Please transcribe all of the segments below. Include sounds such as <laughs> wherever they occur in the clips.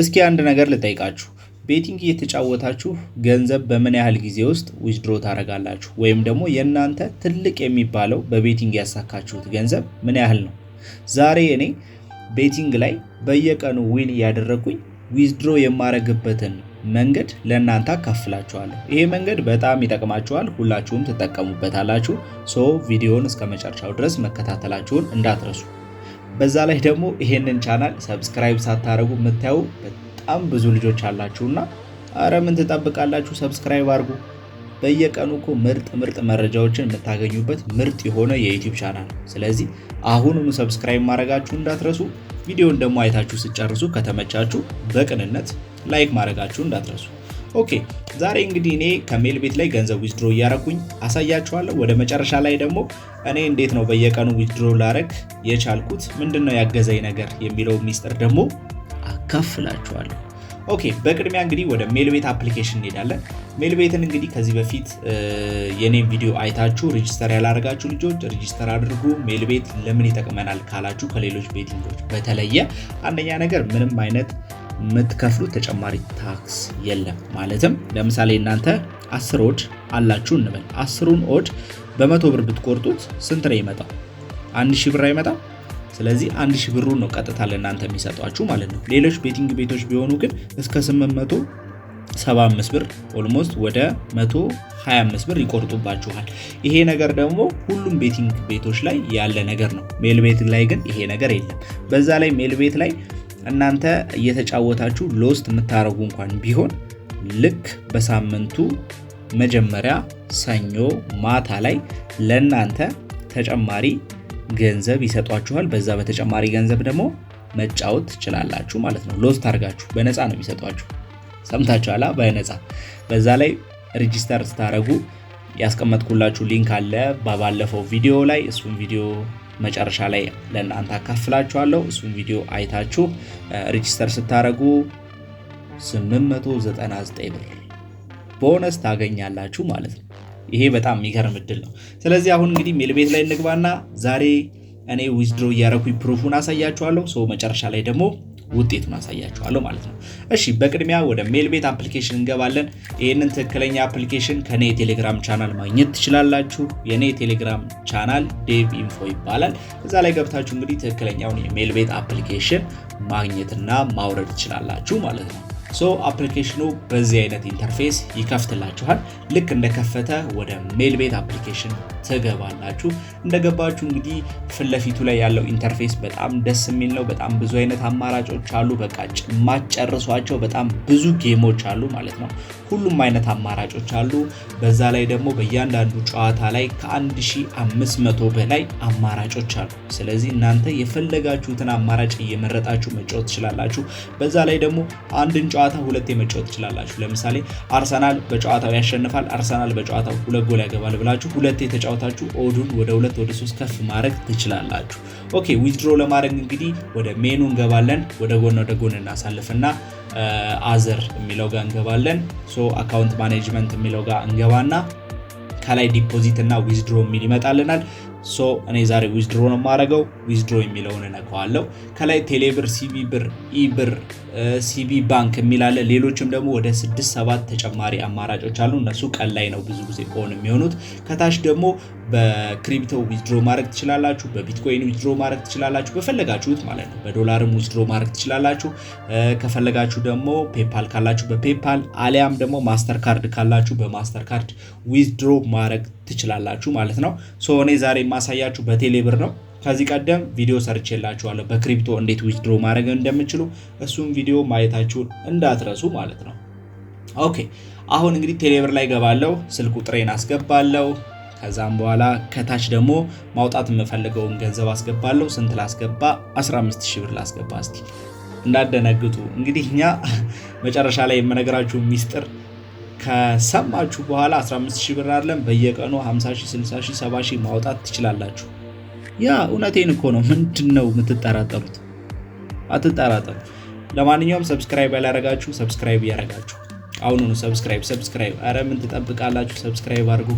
እስኪ አንድ ነገር ልጠይቃችሁ። ቤቲንግ እየተጫወታችሁ ገንዘብ በምን ያህል ጊዜ ውስጥ ዊዝድሮ ታደርጋላችሁ? ወይም ደግሞ የእናንተ ትልቅ የሚባለው በቤቲንግ ያሳካችሁት ገንዘብ ምን ያህል ነው? ዛሬ እኔ ቤቲንግ ላይ በየቀኑ ዊን እያደረግኩኝ ዊዝድሮ የማረግበትን መንገድ ለእናንተ አካፍላችኋለሁ። ይሄ መንገድ በጣም ይጠቅማችኋል፣ ሁላችሁም ትጠቀሙበታላችሁ። ሶ ቪዲዮውን እስከ መጨረሻው ድረስ መከታተላችሁን እንዳትረሱ። በዛ ላይ ደግሞ ይሄንን ቻናል ሰብስክራይብ ሳታደርጉ የምታዩ በጣም ብዙ ልጆች አላችሁና አረ ምን ትጠብቃላችሁ? ሰብስክራይብ አድርጉ። በየቀኑ እኮ ምርጥ ምርጥ መረጃዎችን የምታገኙበት ምርጥ የሆነ የዩቲዩብ ቻናል ነው። ስለዚህ አሁኑኑ ሰብስክራይብ ማድረጋችሁ እንዳትረሱ። ቪዲዮን ደግሞ አይታችሁ ስጨርሱ ከተመቻችሁ በቅንነት ላይክ ማድረጋችሁ እንዳትረሱ። ኦኬ ዛሬ እንግዲህ እኔ ከሜል ቤት ላይ ገንዘብ ዊዝድሮ እያረኩኝ አሳያችኋለሁ። ወደ መጨረሻ ላይ ደግሞ እኔ እንዴት ነው በየቀኑ ዊዝድሮ ላረግ የቻልኩት ምንድን ነው ያገዘኝ ነገር የሚለው ሚስጥር ደግሞ አካፍላችኋለሁ። ኦኬ በቅድሚያ እንግዲህ ወደ ሜል ቤት አፕሊኬሽን እንሄዳለን። ሜል ቤትን እንግዲህ ከዚህ በፊት የኔም ቪዲዮ አይታችሁ ሬጅስተር ያላደረጋችሁ ልጆች ሬጂስተር አድርጉ። ሜል ቤት ለምን ይጠቅመናል ካላችሁ ከሌሎች ቤቲንጎች በተለየ አንደኛ ነገር ምንም አይነት የምትከፍሉት ተጨማሪ ታክስ የለም። ማለትም ለምሳሌ እናንተ አስር ኦድ አላችሁ እንበል። አስሩን ኦድ በመቶ ብር ብትቆርጡት ስንት ነው ይመጣው? አንድ ሺህ ብር አይመጣም። ስለዚህ አንድ ሺህ ብሩን ነው ቀጥታ ለእናንተ የሚሰጧችሁ ማለት ነው። ሌሎች ቤቲንግ ቤቶች ቢሆኑ ግን እስከ 800 75 ብር ኦልሞስት ወደ 125 ብር ይቆርጡባችኋል። ይሄ ነገር ደግሞ ሁሉም ቤቲንግ ቤቶች ላይ ያለ ነገር ነው። ሜል ቤት ላይ ግን ይሄ ነገር የለም። በዛ ላይ ሜል ቤት ላይ እናንተ እየተጫወታችሁ ሎስት የምታደርጉ እንኳን ቢሆን ልክ በሳምንቱ መጀመሪያ ሰኞ ማታ ላይ ለእናንተ ተጨማሪ ገንዘብ ይሰጧችኋል። በዛ በተጨማሪ ገንዘብ ደግሞ መጫወት ትችላላችሁ ማለት ነው። ሎስት አድርጋችሁ በነፃ ነው የሚሰጧችሁ። ሰምታችኋላ፣ በነፃ በዛ ላይ ሬጂስተር ስታደርጉ ያስቀመጥኩላችሁ ሊንክ አለ ባባለፈው ቪዲዮ ላይ እሱን ቪዲዮ መጨረሻ ላይ ለእናንተ አካፍላችኋለሁ። እሱን ቪዲዮ አይታችሁ ሬጂስተር ስታደረጉ 899 ብር ቦነስ ታገኛላችሁ ማለት ነው። ይሄ በጣም የሚገርም እድል ነው። ስለዚህ አሁን እንግዲህ ሜል ቤት ላይ እንግባና ዛሬ እኔ ዊዝድሮ እያረኩኝ ፕሩፉን አሳያችኋለሁ። ሰው መጨረሻ ላይ ደግሞ ውጤቱን አሳያችኋለሁ ማለት ነው። እሺ በቅድሚያ ወደ ቤት አፕሊኬሽን እንገባለን። ይህንን ትክክለኛ አፕሊኬሽን ከኔ የቴሌግራም ቻናል ማግኘት ትችላላችሁ። የኔ የቴሌግራም ቻናል ዴቭ ኢንፎ ይባላል። እዛ ላይ ገብታችሁ እንግዲህ ትክክለኛውን ቤት አፕሊኬሽን ማግኘትና ማውረድ ትችላላችሁ ማለት ነው። ሶ አፕሊኬሽኑ በዚህ አይነት ኢንተርፌስ ይከፍትላችኋል። ልክ እንደከፈተ ወደ ሜል ቤት አፕሊኬሽን ትገባላችሁ። እንደገባችሁ እንግዲህ ፊትለፊቱ ላይ ያለው ኢንተርፌስ በጣም ደስ የሚል ነው። በጣም ብዙ አይነት አማራጮች አሉ። በቃ ማጨርሷቸው በጣም ብዙ ጌሞች አሉ ማለት ነው። ሁሉም አይነት አማራጮች አሉ። በዛ ላይ ደግሞ በእያንዳንዱ ጨዋታ ላይ ከ1500 በላይ አማራጮች አሉ። ስለዚህ እናንተ የፈለጋችሁትን አማራጭ እየመረጣችሁ መጫወት ትችላላችሁ። በዛ ላይ ደግሞ አንድን ጨዋታ ሁለቴ መጫወት ትችላላችሁ። ለምሳሌ አርሰናል በጨዋታው ያሸንፋል፣ አርሰናል በጨዋታው ሁለት ጎል ያገባል ብላችሁ ሁለቴ የተጫወታችሁ ኦዱን ወደ ሁለት ወደ ሶስት ከፍ ማድረግ ትችላላችሁ። ኦኬ ዊዝድሮ ለማድረግ እንግዲህ ወደ ሜኑ እንገባለን። ወደ ጎን ወደ ጎን እናሳልፍና አዘር የሚለው ጋር እንገባለን። ሶ አካውንት ማኔጅመንት የሚለው ጋር እንገባና ከላይ ዲፖዚት እና ዊዝድሮ የሚል ይመጣልናል። ሶ እኔ ዛሬ ዊዝድሮ ነው የማደርገው። ዊዝድሮ የሚለውን እነካዋለሁ። ከላይ ቴሌብር፣ ሲቢ ብር፣ ኢብር፣ ሲቢ ባንክ የሚላለ ሌሎችም ደግሞ ወደ ስድስት ሰባት ተጨማሪ አማራጮች አሉ። እነሱ ቀን ላይ ነው ብዙ ጊዜ ኦን የሚሆኑት። ከታች ደግሞ በክሪፕቶ ዊዝድሮ ማድረግ ትችላላችሁ። በቢትኮይን ዊዝድሮ ማድረግ ትችላላችሁ። በፈለጋችሁት ማለት ነው። በዶላርም ዊዝድሮ ማድረግ ትችላላችሁ። ከፈለጋችሁ ደግሞ ፔፓል ካላችሁ በፔፓል አሊያም ደግሞ ማስተር ካርድ ካላችሁ በማስተር ካርድ ዊዝድሮ ማድረግ ትችላላችሁ ማለት ነው። ሶ እኔ ዛሬ የማሳያችሁ በቴሌብር ነው። ከዚህ ቀደም ቪዲዮ ሰርቼላችኋለሁ በክሪፕቶ እንዴት ዊዝድሮ ማድረግ እንደምችሉ እሱም ቪዲዮ ማየታችሁን እንዳትረሱ ማለት ነው። ኦኬ አሁን እንግዲህ ቴሌብር ላይ ገባለሁ። ስልክ ቁጥሬን አስገባለው። ከዛም በኋላ ከታች ደግሞ ማውጣት የምፈልገውን ገንዘብ አስገባለሁ። ስንት ላስገባ? 15 ሺህ ብር ላስገባ። እስቲ እንዳደነግጡ። እንግዲህ እኛ መጨረሻ ላይ የምነግራችሁ ሚስጥር ከሰማችሁ በኋላ 15 ሺህ ብር አለን በየቀኑ 50 ሺህ፣ 60 ሺህ፣ 70 ሺህ ማውጣት ትችላላችሁ። ያ እውነቴን እኮ ነው። ምንድን ነው የምትጠራጠሩት? አትጠራጠሩ። ለማንኛውም ሰብስክራይብ ያላረጋችሁ ሰብስክራይብ እያረጋችሁ አሁኑኑ ሰብስክራይብ ሰብስክራይብ። አረ ምን ትጠብቃላችሁ? ሰብስክራይብ አድርጉ።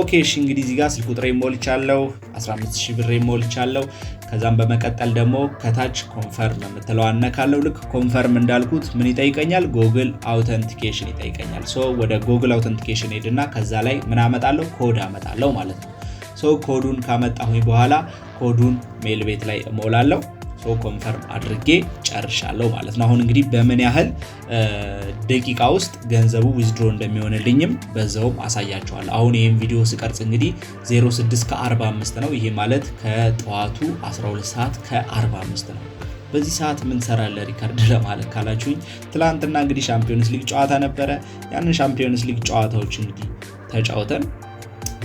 ኦኬ እሺ እንግዲህ እዚህ ጋር ስልክ ቁጥሬ ሞልቻለሁ፣ 15000 ብሬ ሞልቻለሁ። ከዛም በመቀጠል ደግሞ ከታች ኮንፈርም የምትለው አነካለው። ልክ ኮንፈርም እንዳልኩት ምን ይጠይቀኛል? ጎግል አውተንቲኬሽን ይጠይቀኛል። ሶ ወደ ጎግል አውተንቲኬሽን ሄድና ከዛ ላይ ምን አመጣለሁ? ኮድ አመጣለሁ ማለት ነው። ሶ ኮዱን ካመጣሁኝ በኋላ ኮዱን ሜል ቤት ላይ እሞላለሁ። ሶ ኮንፈርም አድርጌ ጨርሻለሁ ማለት ነው። አሁን እንግዲህ በምን ያህል ደቂቃ ውስጥ ገንዘቡ ዊዝድሮ እንደሚሆንልኝም በዛውም አሳያችኋለሁ። አሁን ይህም ቪዲዮ ስቀርጽ እንግዲህ 06 ከ45 ነው። ይሄ ማለት ከጠዋቱ 12 ሰዓት ከ45 ነው። በዚህ ሰዓት ምን ሰራለህ ሪካርድ <laughs> ለማለት ካላችሁኝ፣ ትላንትና እንግዲህ ሻምፒዮንስ ሊግ ጨዋታ ነበረ። ያንን ሻምፒዮንስ ሊግ ጨዋታዎች እንግዲህ ተጫውተን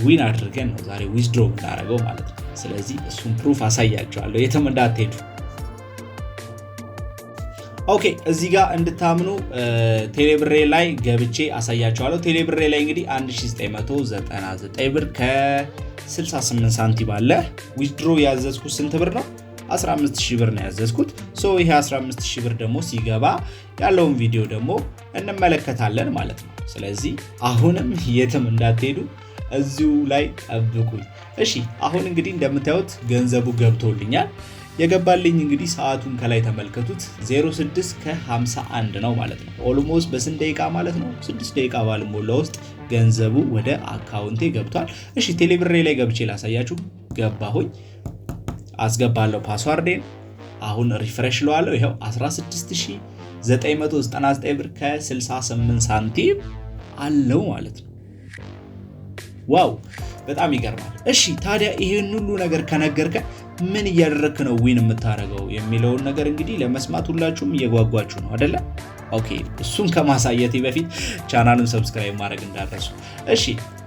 ዊን አድርገን ነው ዛሬ ዊዝድሮ የምናደርገው ማለት ነው። ስለዚህ እሱን ፕሩፍ አሳያቸዋለሁ። የትም እንዳትሄዱ። ኦኬ እዚህ ጋር እንድታምኑ ቴሌብሬ ላይ ገብቼ አሳያችኋለሁ። ቴሌብሬ ላይ እንግዲህ 1999 ብር ከ68 ሳንቲም አለ። ዊዝድሮ ያዘዝኩት ስንት ብር ነው? 15000 ብር ነው ያዘዝኩት። ሶ ይሄ 15000 ብር ደግሞ ሲገባ ያለውን ቪዲዮ ደግሞ እንመለከታለን ማለት ነው። ስለዚህ አሁንም የትም እንዳትሄዱ እዚሁ ላይ ጠብቁኝ። እሺ አሁን እንግዲህ እንደምታዩት ገንዘቡ ገብቶልኛል። የገባልኝ እንግዲህ ሰዓቱን ከላይ ተመልከቱት 06 ከ51 ነው ማለት ነው። ኦልሞስት በስንት ደቂቃ ማለት ነው? 6 ደቂቃ ባልሞላ ውስጥ ገንዘቡ ወደ አካውንቴ ገብቷል። እሺ ቴሌብሬ ላይ ገብቼ ላሳያችሁ። ገባሁኝ፣ አስገባለሁ ፓስዋርዴን። አሁን ሪፍሬሽ ለዋለሁ። ይኸው 16999 ብር ከ68 ሳንቲም አለው ማለት ነው። ዋው በጣም ይገርማል። እሺ ታዲያ ይህን ሁሉ ነገር ከነገርከ ምን እያደረክ ነው ዊን የምታደርገው የሚለውን ነገር እንግዲህ ለመስማት ሁላችሁም እየጓጓችሁ ነው አደለ? ኦኬ፣ እሱን ከማሳየቴ በፊት ቻናሉን ሰብስክራይብ ማድረግ እንዳረሱ። እሺ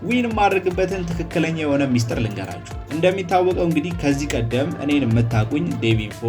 ዊን የማድረግበትን ትክክለኛ የሆነ ሚስጥር ልንገራችሁ። እንደሚታወቀው እንግዲህ ከዚህ ቀደም እኔን የምታቁኝ ዴቪንፎ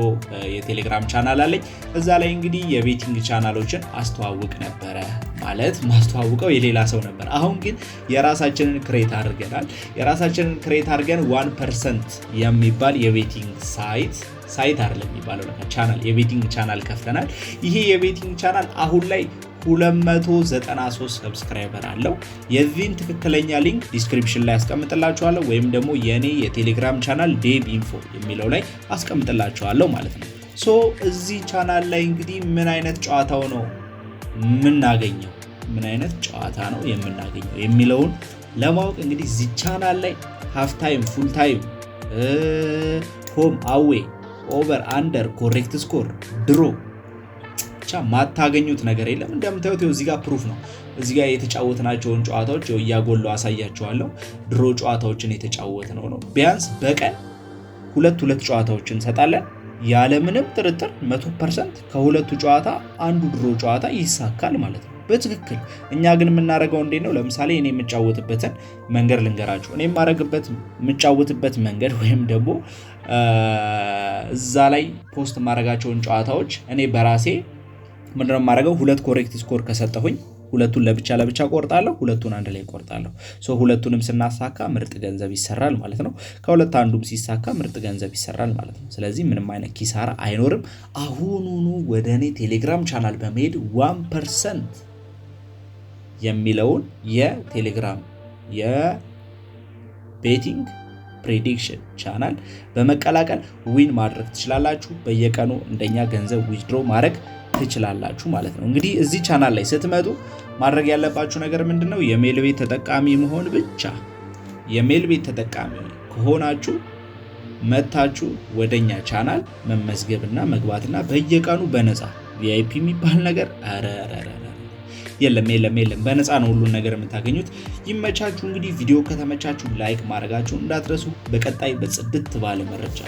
የቴሌግራም ቻናል አለኝ። እዛ ላይ እንግዲህ የቤቲንግ ቻናሎችን አስተዋውቅ ነበረ። ማለት ማስተዋውቀው የሌላ ሰው ነበር። አሁን ግን የራሳችንን ክሬት አድርገናል። የራሳችንን ክሬት አድርገን ዋን ፐርሰንት የሚባል የቤቲንግ ሳይት ሳይት አይደለም የሚባለው ቻናል የቤቲንግ ቻናል ከፍተናል። ይሄ የቤቲንግ ቻናል አሁን ላይ 293 ሰብስክራይበር አለው። የዚህን ትክክለኛ ሊንክ ዲስክሪፕሽን ላይ አስቀምጥላችኋለሁ ወይም ደግሞ የእኔ የቴሌግራም ቻናል ዴብ ኢንፎ የሚለው ላይ አስቀምጥላችኋለሁ ማለት ነው። ሶ እዚህ ቻናል ላይ እንግዲህ ምን አይነት ጨዋታው ነው የምናገኘው ምን አይነት ጨዋታ ነው የምናገኘው የሚለውን ለማወቅ እንግዲህ እዚህ ቻናል ላይ ሃፍ ታይም፣ ፉል ታይም፣ ሆም አዌ፣ ኦቨር አንደር፣ ኮሬክት ስኮር፣ ድሮ ማታገኙት ነገር የለም። እንደምታዩት እዚህ ጋር ፕሩፍ ነው። እዚህ ጋር የተጫወትናቸውን ጨዋታዎች እያጎለው አሳያቸዋለሁ። ድሮ ጨዋታዎችን የተጫወት ነው ነው ቢያንስ በቀን ሁለት ሁለት ጨዋታዎችን እንሰጣለን። ያለምንም ጥርጥር መቶ ፐርሰንት ከሁለቱ ጨዋታ አንዱ ድሮ ጨዋታ ይሳካል ማለት ነው በትክክል እኛ ግን የምናደርገው እንዴት ነው? ለምሳሌ እኔ የምጫወትበትን መንገድ ልንገራችሁ። እኔ የማደርግበት የምጫወትበት መንገድ ወይም ደግሞ እዛ ላይ ፖስት ማድረጋቸውን ጨዋታዎች እኔ በራሴ ምንድነው የማደርገው? ሁለት ኮሬክት ስኮር ከሰጠሁኝ ሁለቱን ለብቻ ለብቻ ቆርጣለሁ፣ ሁለቱን አንድ ላይ ቆርጣለሁ። ሶ ሁለቱንም ስናሳካ ምርጥ ገንዘብ ይሰራል ማለት ነው። ከሁለት አንዱም ሲሳካ ምርጥ ገንዘብ ይሰራል ማለት ነው። ስለዚህ ምንም አይነት ኪሳራ አይኖርም። አሁኑኑ ወደ እኔ ቴሌግራም ቻናል በመሄድ ዋን ፐርሰንት የሚለውን የቴሌግራም የቤቲንግ ፕሬዲክሽን ቻናል በመቀላቀል ዊን ማድረግ ትችላላችሁ። በየቀኑ እንደኛ ገንዘብ ዊዝድሮ ማድረግ ትችላላችሁ ማለት ነው። እንግዲህ እዚህ ቻናል ላይ ስትመጡ ማድረግ ያለባችሁ ነገር ምንድን ነው? የሜል ቤት ተጠቃሚ መሆን ብቻ። የሜል ቤት ተጠቃሚ ከሆናችሁ መታችሁ ወደኛ ቻናል መመዝገብና መግባትና በየቀኑ በነፃ ቪአይፒ የሚባል ነገር ኧረ የለም የለም የለም። በነፃ ነው ሁሉን ነገር የምታገኙት። ይመቻችሁ። እንግዲህ ቪዲዮ ከተመቻችሁ ላይክ ማድረጋችሁ እንዳትረሱ። በቀጣይ በጽድት ባለ መረጃ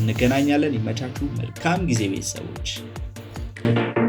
እንገናኛለን። ይመቻችሁ። መልካም ጊዜ ቤተሰቦች። Thank you.